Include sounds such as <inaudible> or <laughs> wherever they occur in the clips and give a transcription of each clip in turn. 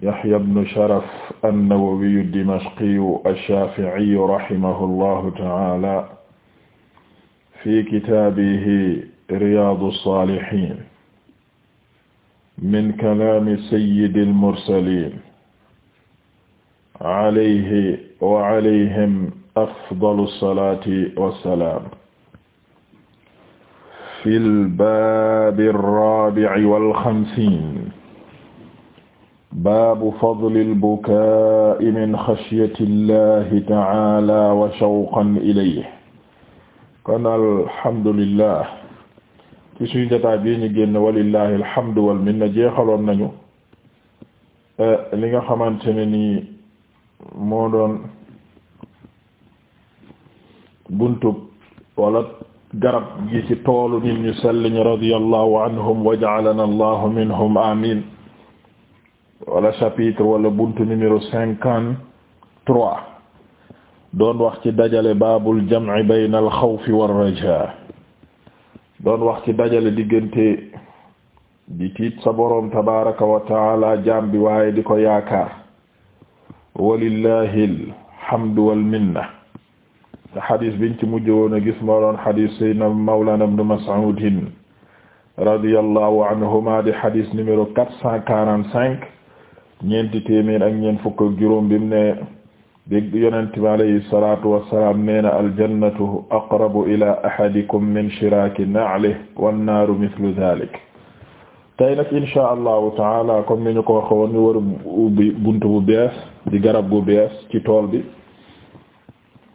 Yahya ibn Sharaf an-Nawawi ad-Dimashqi ash-Shafi'i rahimahullahu ta'ala fi kitaabihi Riyaadu s-Saalihiin min kalaami sayyidil mursaliin alayhi wa alayhim afdalu salaati wa salaam fil baabi raabi'i wal xamsiin baabu fadlil bukaa'i min xashyatillaahi ta'aalaa wa shawqan ilayhi kon alhamdulillah ci suñu jotaay bi ñu génn walillaahi alhamdu wal minna jeexaloon nañu e, li nga xamante ne nii moo doon buntub wala garab gi ci toolu nit ñu sell ñi radiyallaahu anhum wa ja'alanaa allaahu minhum amiin wala chapitre wala buntu numéro cinquante trois wax ci dajale baabul jam'i bayna al xawfi war rajaa doon wax ci dajale diggante di tiit sa boroom tabaaraka wa taala bi waaye di ko yaakaar walillahi alhamdu wal minna te xadis biñ ci mujj woon a gis moo doon xadis sayyidina mawlana ibn Mas'ud radiyallahu anhuma di xadis numéro quarante cinq ñeenti téeméer ak ñeent fukk juróom bi mu ne yonent bi alayhi salaatu wassalaam nee na aljannatu aqrabu ila ahadikum min shiraaki na'lihi wannaaru mithlu dhalik tey nag taala comme ni ñu ko waxe woon ñu war ubbi bunt bu bees di garab bu bees ci tool bi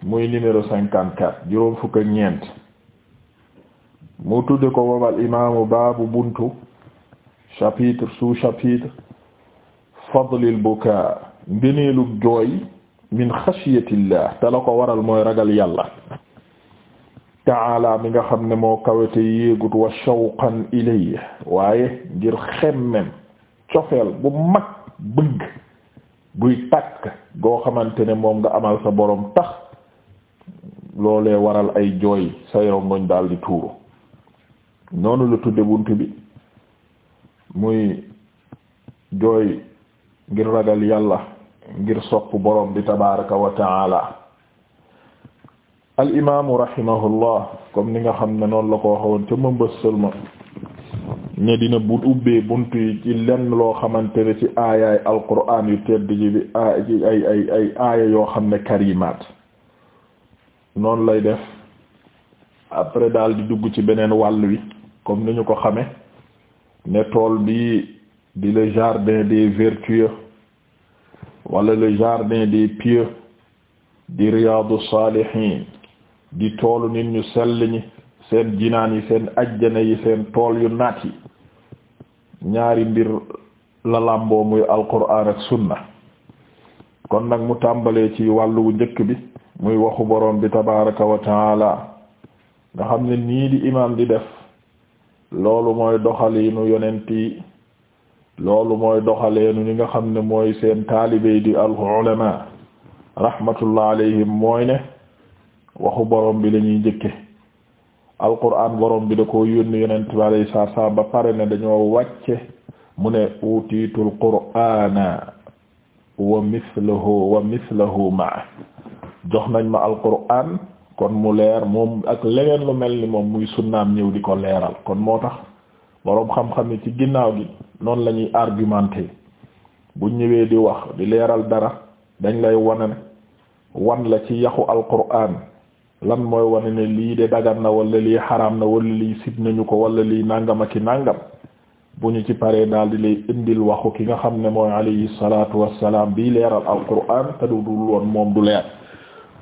muy numéro cinquante quatre juróom fukk ñeent mu tudde ko wobal imaamu baabu buntu chapitre sous chapitre fadlil bukaa ngëneelu jooy min xashiyatillah te la ko waral mooy ragal yàlla taala mi nga xam ne moo kawete yéegut wa shawqan ilayhi waaye ngir xemmem cofeel bu mag bëgg buy tàkk goo xamante ne moom nga amal sa borom tax loolee waral ay jooy say rongoñ daal di tuuru noonu la tudde bunt bi muy jooy ngir ragal yàlla ngir sopp boroom bi tabaraka wa taala al imaamu rahimahullah comme ni nga xam ne noonu la ko waxoon ca mëmbëssal ma ne dina bu ubbee bunt yi ci lenn loo xamante ne ci aayaay alquraan yu ay ay ay aaya yoo xam ne karimaat noonu lay def après daal di dugg ci beneen wàll wi comme ni ñu ko xame ne tool bi di le jardin des vertueux wala le jardin des pieux di riyaadu saalihiin di toolu nit ñu sell seen jinaan yi seen ajjana yi seen tool yu naat ñaari mbir la làmboo muy alquran ak sunna kon nag mu tàmbalee ci wàllu wu njëkk bi muy waxu borom bi tabaraka wa taala xam ne nii di imaam di def loolu mooy doxaliinu yonent yi loolu mooy doxaleenu ñi nga xam ne mooy seen taalibey di al ulama rahmatullah alayhim mooy ne waxu borom bi la ñuy njëkke alquran borom bi da ko yónni yonent bi alayhi salaatu salaam ba pare ne dañoo wàcce mu ne utiitul qur'ana wa mithluhu wa mithluhu ma'a jox nañ ma alquran kon mu leer moom ak leneen lu mel ni moom muy sunnaam ñëw di ko leeral kon moo tax boroom xam-xam ni ci ginnaaw gi noonu la ñuy argumenter bu ñëwee di wax di leeral dara dañ lay wane ne wan la ci yaxu alquran lan mooy wane ne lii de dagan na wala lii xaram na wala lii sib nañu ko wala lii nàngam ak nàngam bu ñu ci paree daal di lay indil waxu ki nga xam ne mooy alayhi salaatu wassalaam bi leeral alquran te du dul woon moom du leer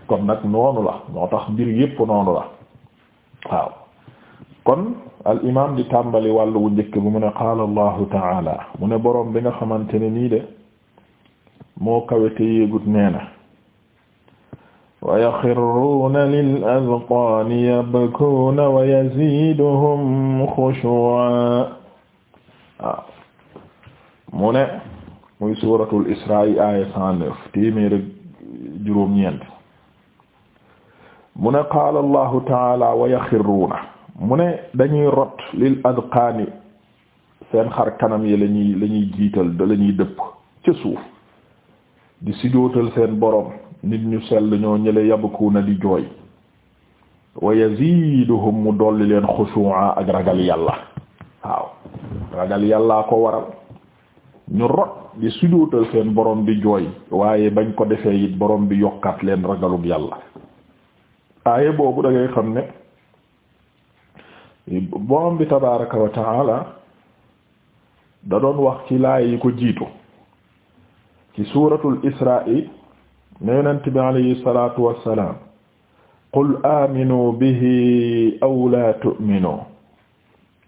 kon nag noonu la moo tax mbir yépp noonu la waaw kon al imaam di tàmbali wàllu wu njëkk bu mu ne qaala allahu taala mu ne boroom bi nga xamante ne nii de moo kawe te yéegut nee na wa yaxirruuna lil azqaani yabkuuna wa yaziiduhum xushuu'an waaw ah, mu ne muy suuratul israa aaya cent neuf téeméer ak juróom-ñeent mu ne taala wa yaxirruuna mu ne dañuy rot lil adqaani seen xar kanam yi lañuy lañuy jiital da lañuy dëpp ca suuf di sujjóotal seen borom nit ñu sell ñoo ñële na di jooy wa yaziiduhum mu dolli leen xushu'a ak ragal yàlla waaw ragal yàllaa ko waral ñu rot di sujjóotal seen borom di jooy waaye bañ ko defee it borom bi yokkaat leen ragalug yàlla aaye boobu da xam ne borom bi tabaraka wa taala da doon wax ci laay yi ko jiitu ci suuratul isra'i ne yonent bi alayhi salaatu wassalaam qul aaminu bihi aw laa tu'minu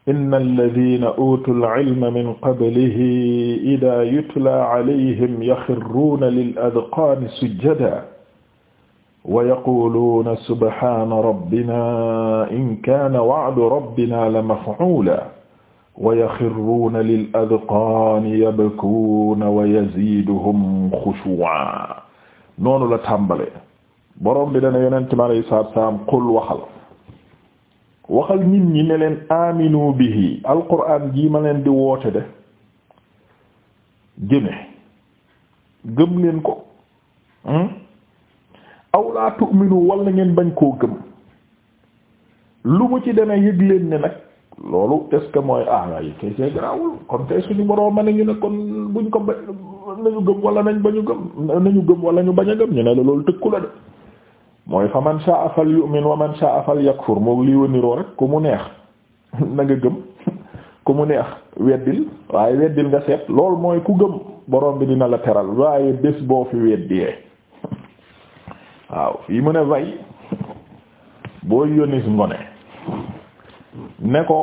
inna alladhiina uutul ilma min qablihi idaa yutlaa alayhim yaxirruuna lil adqaani sujjadaa wa yaquluuna subhaana rabbinaa in kaana wa'du rabbinaa la maf'uulaa wa yaxirruuna lil adqaani yabkuuna wa yaziiduhum xushuu'an noonu la tàmbale borom bi dana yonent mi alayhi salaatu wa salaam qul waxal waxal nit ñi ne leen aaminu bihi alquraan jii ma leen di woote de jëme gëm leen ko. Hmm? aw laa tu'minu wala ngeen bañ koo gëm lu mu ci demee yëg leen ne nag loolu est que mooy ah waaye kay see garaawul kon kay suñu boroom ma ñu ne kon buñ ko ba nañu gëm wala nañ bañu gëm nañu gëm wala ñu bañ a gëm ñu ne la loolu tëkku la de mooy fa man sha'a wa man sha'a fal mu neex <laughs> na nga gëm <laughs> ku mu neex weddil waaye weddil nga seet loolu mooy ku gëm borom bi dina la teral waaye bés boo fi weddiyee waaw fii mu ne way boo yonis ngone ne ko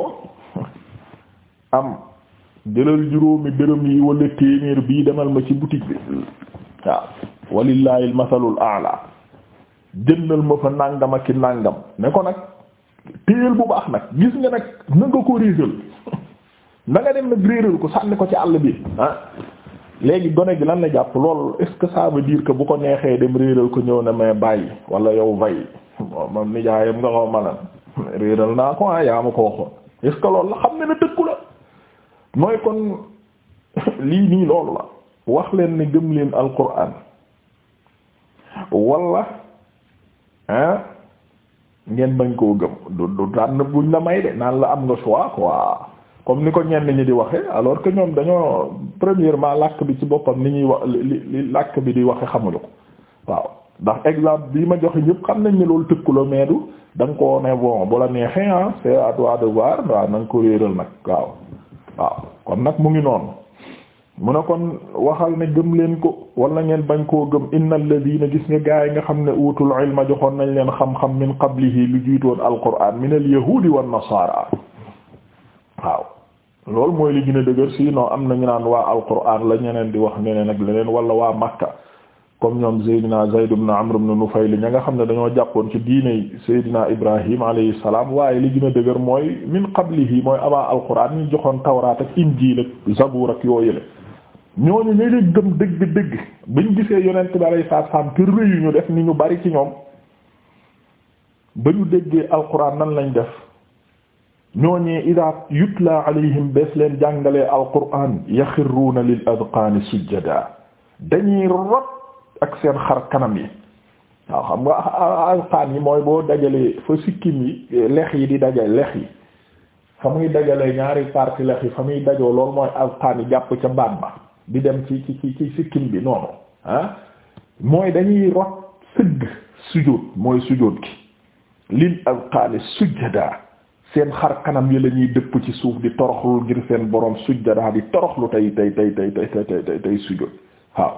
am jëlal juróomi dërëm yi wala téeméer bii demal ma ci boutique bi waaw walillahi al masalul a'la jëndal ma fa nàngam ak ki nàngam ne ko nag téyel bu baax nag gis nga nag na nga ko réeral <laughs> na dem nag réeral ko sànni ko ci àll bi ah léegi gone gi lan la jàpp lool est-ce que ça veut dire bu ko neexee dem réeral ko ñëw na mais bàyyi wala yow vay man nijaayam nga xaw ma lan réeral naa ko ah yaa ma ko waxoon est-ce que loolu la xam ne na dëkku la mooy kon <laughs> lii nii loolu la wax leen ne gëm leen alquran wala ah ngeen bañ koo gëm du du tànn buñ la may de naan la am nga choix quoi comme ni ko ñenn ñi di waxe alors que ñoom dañoo premièrement làkk bi ci boppam ni ñuy wax li li làkk bi di waxe xamuñu ko waaw ndax exemple bi ma joxe ñëpp xam nañ ne loolu tëkkuloo meedu da ko ne bon bu neexee ah c'est à toi de voir waaw nga ko réeral nag waaw waaw kon nag mu ngi noonu mu ne kon waxal ne gëm leen ko wala ngeen bañ koo gëm innal ladina gis nga gaa yi nga xam ne utul ilma joxoon nañ leen xam-xam min qablihi lu jiitoon alquran min al yahudi wan nasara waaw loolu mooy li gën a dëgër sinon am na ñu naan waa alquran la ñeneen di wax neneen ak leneen wala waa Makka kom ñoom Seydina Zayd ibn Amr ibn Nufayl ña nga xam ne dañoo jàppoon ci diine Seydina Ibrahim alayhi salaam waaye li gën a dëgër mooy min qablihi mooy abaa alquran ñu joxoon tawraat ak injiil ak zabuur ak yoo yële ñooñu ñu ngi gëm dëgg-dëgg bañ gisee yonent bi alayhi salaam te rëyu ñu def ni ñu bari ci ñoom ba ñu déggee alquran nan lañ def. ñooñee idaa yutla alayhim bés leen jàngalee alquraan yaxiruuna lil adqaani sujjadaa dañuy rot ak seen xar kanam yi waaw xam nga alqaan yi mooy boo dajalee fa sikkim yi lex yi di dajale lex yi fa muy dajalee ñaari parti lex yi fa muy dajoo loolu mooy alqaan jàpp ca baat ba di dem ci ci ci ci bi noonu ah. mooy dañuy rot sëgg sujjóot mooy sujjóot gi lil adqaani sujjadaa seen xar kanam yi lañuy dëpp ci suuf di toroxlu ngir seen borom sujjadaa di toroxlu tey tey tey tey tey tey tey tey sujjóot waaw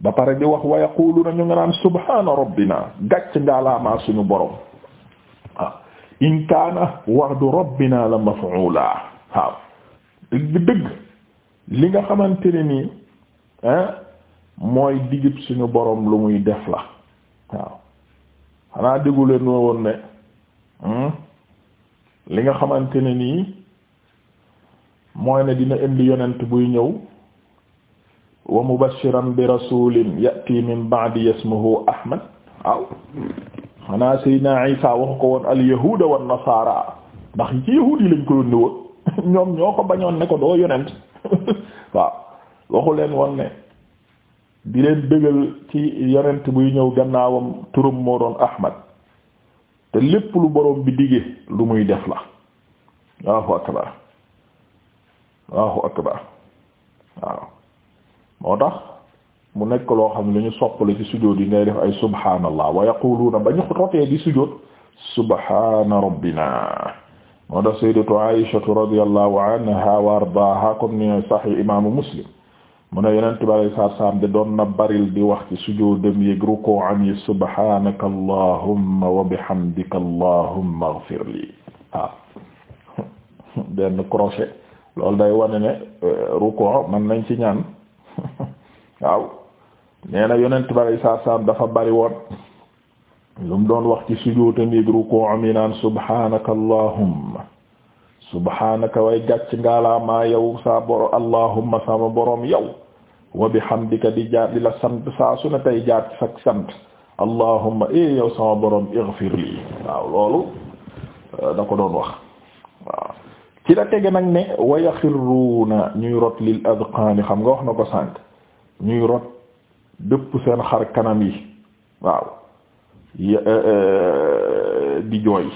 ba pare di wax wa yaquluna ñu nga naan subhaana rabbina gàcc ngaalaamaa suñu borom waaw in kaana wa'du rabbina la maf'ula waaw dëgg dëgg li nga xamante ne nii mooy digib suñu borom lu muy def la waaw xanaa dégguleen woon ne hmm? li nga xamante ne nii mooy ne dina indi yonent buy ñëw wa mubashiran bi rasulin yati min ba'di ismuhu ahmad waaw xanaa Seydina Isa waxu ko woon al wan nasara ndax ci yahuud yi lañ ko yónni woon <laughs> ñoom ñoo ko bañoon ne ko doo yonent <laughs> waaw waxu leen woon ne di leen dëgal ci yonent buy ñëw gannaawam turam moo doon ahmad te lépp lu borom bi digee lu muy def la Allahu akbar Allahu akbar moo tax mu nekk loo xam ne lu ñu soppali ci sujood yi ngay def ay subhaanallah wa yaquluuna ba ñu rotee di sujood subhaana rabbina moo tax sayyidatu Aysha radiyallahu anha wa ardaaha comme ni sahih imaamu Muslim mu ne yeneen tubaab yi saam de doon na baril di wax ci sujoodam yeeg ruku am yi subhaanaka allahumma wa bihamdika allahumma ighfir lii waaw <laughs> benn crochet lool day wane ne euh, ruko mën nañ ci ñaan <laughs> waaw nee na yeneen tubaab saam dafa bari woon lu doon wax ci sujoodam yeeg ruku am yi naan subhaanaka allahumma subhaanaka way gàcc ngaalaamaa yow saa boro allahumma sama borom yow. wa xam di jaar di la sant saa su ne tey jaar ci sant allahumma eh yow sama borom ighfir lii waaw loolu euh, da ko doon wax waaw ci la tege nag ne wa yaxirruuna ñuy rot lil adqaani xam nga wax na ko sànq ñuy rot dëpp seen xar kanam yi waaw euh, euh, di jooy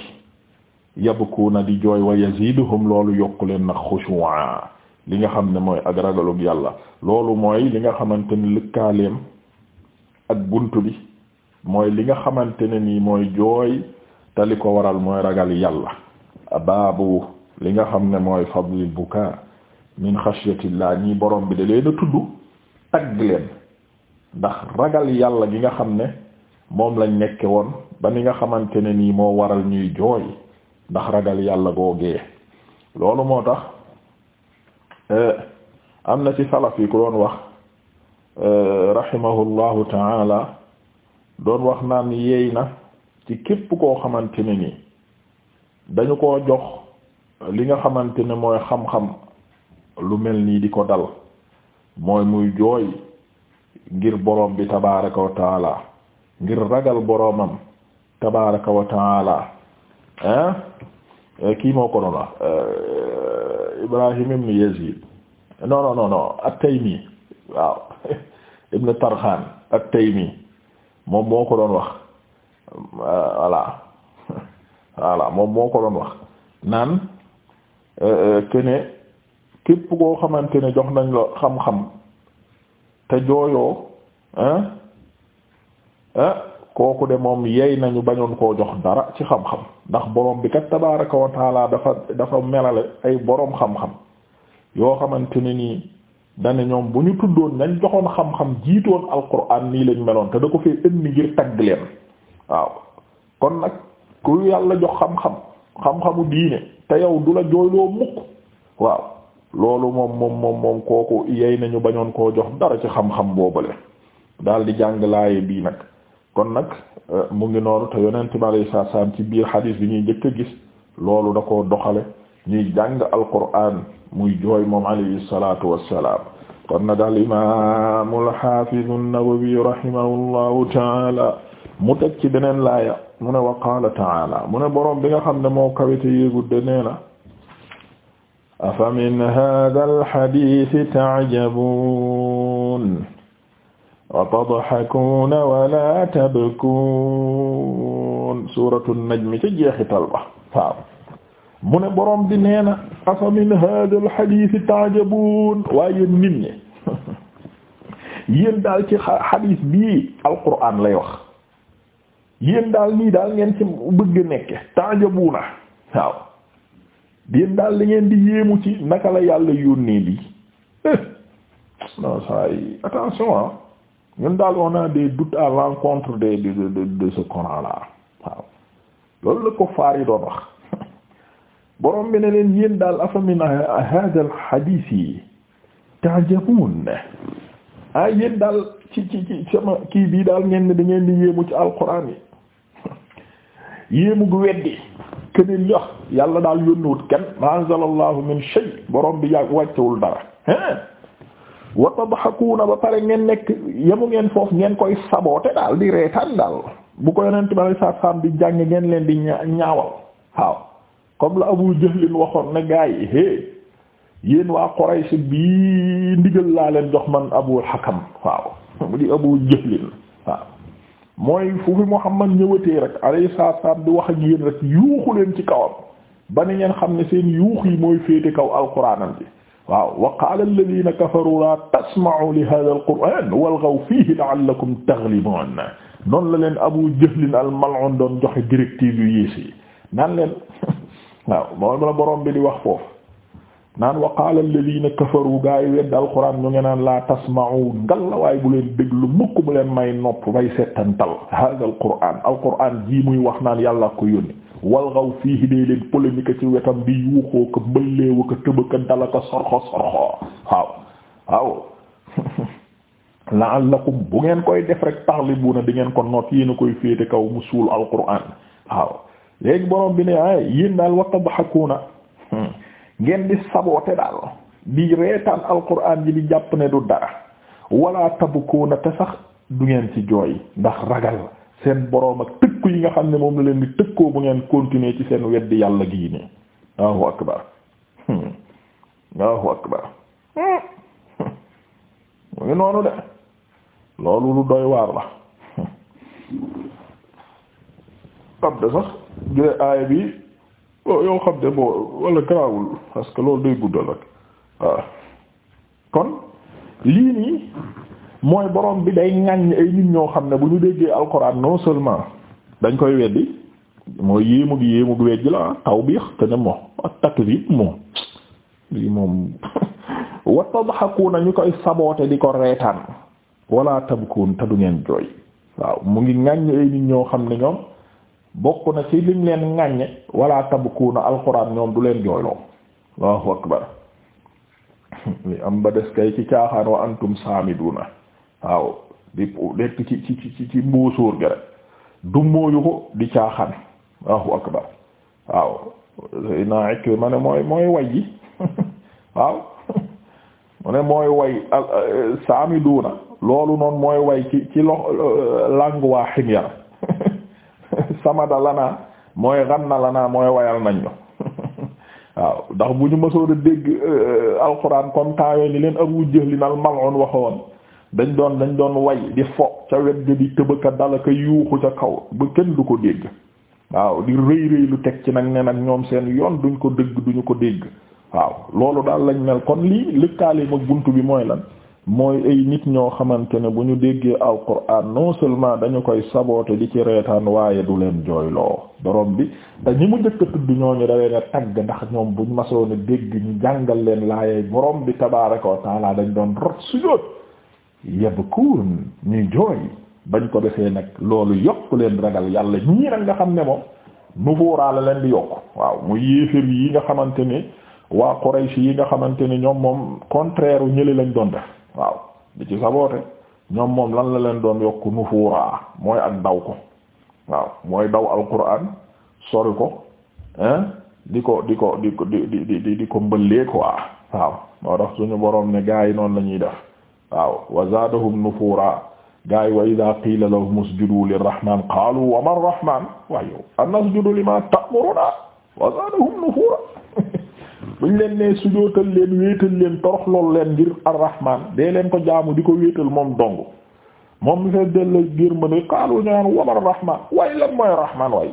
yabkuuna di jooy wa yaziiduhum loolu yokku leen nag xushu'a li nga xam ne mooy ak ragalug yàlla loolu mooy li nga xamante ne lëkkaaleem ak bunt bi mooy li nga xamante ne nii mooy jooy te li ko waral mooy ragal yàlla baabu li nga xam ne mooy fadlil buka min xashyatillah ñii borom bi da leen a tudd tagg leen ndax ragal yàlla gi nga xam ne moom lañ nekke woon ba li nga xamante ne nii moo waral ñuy jooy ndax ragal yàlla googee loolu moo tax Eh, am na ci salaf yi ku doon wax eh, rahimahullahu taala doon wax naan yeey na ci képp koo xamante ne ni dañu ko jox li nga xamante ne mooy xam-xam lu mel nii di ko dal mooy muy jooy ngir boroom bi tabaraka wa ngir ragal boroomam tabaraka wa taala eh, kii moo ko doon wax Ibrahim ibn Yazid non non non non at-Taymi waaw <laughs> ibn Tarxaan at-Taymi moom moo ko doon wax voilà <laughs> voilà moom moo ko doon wax naan euh, euh, que ne képp koo xamante ne jox nañ la xam-xam te jooyoo ah ah kooku de moom yey nañu bañoon koo jox dara ci xam-xam ndax borom bi kat tabaraka dafa dafa melale ay boroom xam-xam yoo xamante ne nii dane ñoom bu ñu tuddoon nañ joxoon xam-xam jiitoon alquran nii lañ meloon te da ko fee indi ngir tagg leen waaw kon nag ku yàlla jox xam-xam xam-xamu diine te yow du la jooyloo mukk waaw loolu moom moom moom kooku yey nañu bañoon koo jox dara ci xam-xam boobale daal di jàng laaye bii nag kon nag euh, mu ngi noonu te yonent bi salaam ci biir xadiis bi ñuy njëkk a gis loolu da koo doxale ñuy jàng alquraan muy jooy moom alayhi salaatu wassalaam kon nag al imaamul xaafizu an-Nawawi rahimahullahu taala mu teg ci beneen laaya mu ne wa taala mu ne boroom bi nga xam ne moo kawite yéegudde nee na afa min haadha al-xadiisi wa tadhakuuna wala tabkuun suuratu najmi ca jeexital ba mu ne borom bi neena na afa min haadha alhadiisi ta'jabuun waaye yéen nit ñi <laughs> yéen daal ci xadiis bii alquraan lay wax yéen daal nii daal ngeen ci bëgg nekk ta'jabuuna waaw daal li ngeen di yéemu ci naka la yàlla yónnee lii <laughs> non ñun daal on a des doutes à l'encontre de de de de ce waaw loolu la ko faar doon wax <laughs> borom bi ne leen yéen daal afamin hadha al hadith yi ta'jabun ah yéen daal ci ci ci sama kii bii daal ngeen ne da ngeen yéemu ci alquran yi <laughs> yéemu gi weddi keneen yox yàlla daal yónnuwut kenn ma anzalallahu min shay borom bi yàgg wàccewul dara hein wa tadhakuuna ba pare ngeen nekk yemu ngeen foofu ngeen koy saboote daal di reetaan daal bu ko yonent bi alay saat di jàng ngeen leen di ñaawal waaw comme la Abu Jahlin waxoon ne gaa yi hé yéen waa Quraysh bii ndigal laa leen jox man Abul Hakam waaw <laughs> mu di Abu Jahlin waaw mooy fu fi Muhammad ñëwatee rek alayhi salaatu di wax ak yéen rek yuuxu leen ci kawam ba ni ngeen xam ne seen yuux yi mooy féete kaw alquraanam bi waaw wa qaala alladhiina kafaruu laa tasma'uu li haadhal qur'aan walghaw fiihi la'allakum taghlibuun noonu la leen Abu Jahlin al-mal'uun doon joxe directive yu yées yi naan leen <laughs> waaw moom la borom bi di wax foofu naan wa qaala alladhiina kafaruu gaa yi wedd alqur'aan ñu ngi naan laa tasma'uu ngalla waaye bu leen déglu mukk bu leen may nopp bay settantal haadhal qur'aan alqur'aan jii muy wax naan yàlla ko yónni walxaw fii day leen polémique ci wetam di yuuxoo ko mbëlleewa ko tëbaka dalaka sorxo sorxo waaw waaw <laughs> la'allakum bu ngeen koy def rek na di ngeen ko noot yéen a koy féete kaw mu suul alquran waaw léegi borom bi ne ay yéen daal wa tadhakuuna <laughs> ngeen di saboote daal di reetaan alquran ji di jàpp ne du dara wala tabkuuna te sax du ngeen ci jooy ndax ragal seen boroom ak tëkku yi nga xam ne moom la leen di tëkkoo bu ngeen continuer ci seen weddi yàlla gii nii Allahu akbar hmm. Allahu akbar hmm. <laughs> mu noonu de loolu lu doy waar la hmm. xam de sax jure aaya bi oh, yow xam de boo wala garaawul parce que loolu day guddal rek waaw ah. kon lii nii mooy borom bi day ŋaññ ay nit ñoo xam ne bu ñu déggee alxuraan non seulement dañ koy weddi mooy yéemu gi yéemu gi weddi la ah tawbiix te ne moom ak takzib moom lii moom <laughs> wa ñu koy saboote di ko reetaan wala tabkuun te du ngeen jooy waaw mu ngi ŋaññ ay nit ñoo xam ne ñoom bokk na ci lim leen ŋaññe wala kuuna alxuraan ñoom du leen jooyloo Allahu akbar <laughs> li am ba des kay ci caaxaan wa antum saamiduna waaw di nekk ci ci du mooyu ko di caaxaan waaw akbar waaw naa Ikrima ne mooy mooy way ji <laughs> waaw mu ne mooy way saami duuna loolu noonu mooy way ci ci lox euh, langue waa ximyara <laughs> samada lanaa mooy xan na lanaa mooy wayal nañ ñu <laughs> waaw ndax bu ñu mësoon a dégg euh, alxuraan comme temps yooyu ni leen Abu Jahl al mal'un waxoon dañ doon dañ doon way di fo ca wet ga di tëbaka dalaka yuuxu ca kaw ba kenn du ko dégg waaw di rëy rëy lu teg ci nag ne nag ñoom seen yoon duñ ko dégg duñu ko dégg waaw loolu daal lañ mel kon lii lëkkaale ma bunt bi mooy lan mooy ay nit ñoo xamante ne bu ñu déggee alquran non seulement dañu koy saboote di ci reetaan waaye du leen jooyloo borom bi te ñi mu njëkk a tudd ñooñu da leen a tagg ndax ñoom buñ masoon dégg ñu jàngal leen laayay borom bi tabaaraka wa taala dañ doon rot sujóot yabkuun ñuy jooy bañ ko defee nag loolu yokk leen ragal yàlla ñii nag nga xam ne moom nufuuraa la leen di yokk waaw muy yéeféer yi nga xamante ni waa Quraysh yi nga xamante ni ñoom moom contraire u ñëli lañ doon def waaw di ci saboote ñoom moom lan la leen doon yokk nufuuraa mooy ak daw ko waaw mooy daw alquran sori ko hein di ko di ko di ko di di di di ko mbëllee quoi waaw moo tax suñu boroom ne gaa yi noonu lañuy def waaw wa zaadahum nufuura gaay wa idaa qiila lahum usjudu lirrahmaan qaalu wa man rahmaan wa yow anasjudu limaa ta'muruna wa zaadahum nufuura <laughs> buñ leen ne sujootal leen wéetal leen torox lool leen ngir arrahmaan dee leen ko jaamu di ko wéetal moom dong moom mi fee dell ngir mën a qaalu ñaan wa man rahmaan waaye lan mooy rahmaan waaye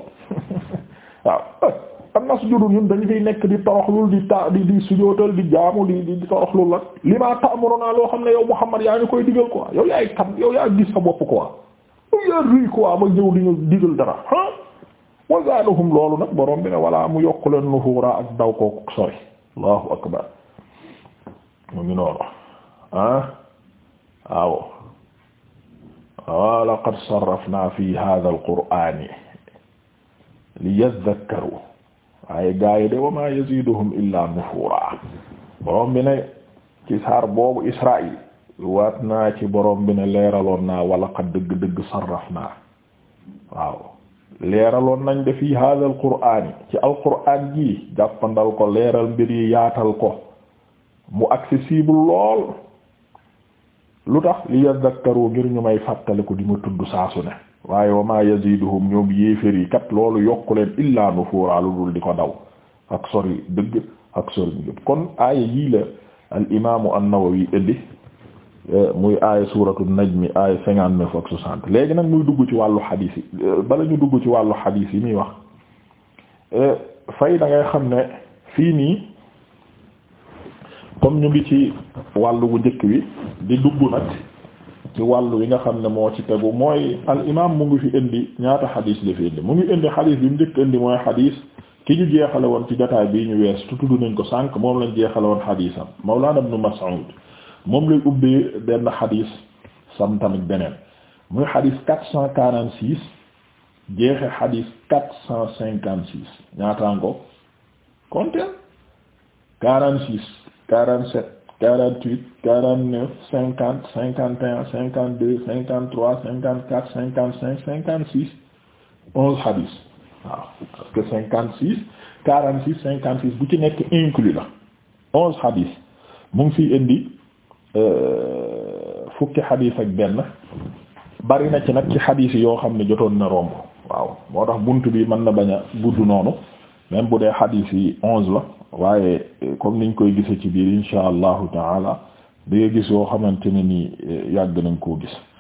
<laughs> am na sujudu ñun nekk di toroxlul di ta di di di jaamu di di toroxlul la li maa ta'muruna loo xam ne yow Muhammad yaa ñu koy digal quoi yow yaay tam yow yaa gis sa bopp quoi yow yaa ruy quoi ba ñëw di ñu digal dara ah wa zaadahum loolu nag borom bi ne walla mu yokk leen ak daw ko sori allahu akbar mu ngi noonu ah waaw wa laqad sarrafna fi hadha al-qur'ani liyadhakkaru waaye gaa yi de wa ma yaziduhum illa nufuura borom bi ne ci saar boobu Israa'il waat ci borom bi ne leeraloon naa wala qad dëgg-dëgg sarraf naa waaw leeraloon nañ de fi hada al ci al qur'aan ji jàppandal ko leeral mbir yi yaatal ko mu accessible lool lu tax li yadhakkaru ngir ñu may fàttaliku di ma tudd saa ne waaye wa ma yaziduhum ñoom yéefér yi kat loolu yokk leen illaa nufuura lu dul di ko daw ak sori dëgg ak sori njub kon aaya yii la al imaamu an-Nawawi indi e, muy aaya suuratu najmi aaya cinquante neuf ak soixante léegi nag muy dugg ci wàllu xadiis yi e, bala ñu dugg ci wàllu xadiis yi muy wax e, fay da ngay xam ne fii nii comme ñu ngi ci wàllu bu njëkk bi di dugg nag ci wàllu wi nga xam ne moo ci tegu mooy al imam mu ngi fi indi ñaata xadis la fi indi mu ngi indi xadis bi mu njëkk indi mooy xadis ki ñu jeexale woon ci jotaay bii ñu wees tudd nañ ko sànq moom lañ jeexale woon xadisam Mawlana Ibn Mas'ud moom lay ubbee benn xadis sam tamit beneen muy xadis quatre cent quarante six jeexe xadis quatre cent cinquante six ñaataan ko quarante six quarante sept quarante-huit quarante-neuf cinquante cinquante un cinquante-deux cinquante-trois cinquante-quatre cinquante-cinq cinquante-six onze hadith waaw parce que cinquante-six quarante-six cinquante-six bu ci nekk inclus la onze hadith mu ngi fi indi euh, fukki hadith ak benn bari na ci nag ci hadith yoo xam ne jotoon na romb waaw moo tax bunt bi mën na bañ a gudd noonu même bu dee hadith yi onze la waaye comme niñ koy gise ci biir insha allahu taala di nga gis yoo xamante ne nii eh, yàgg nañ koo gis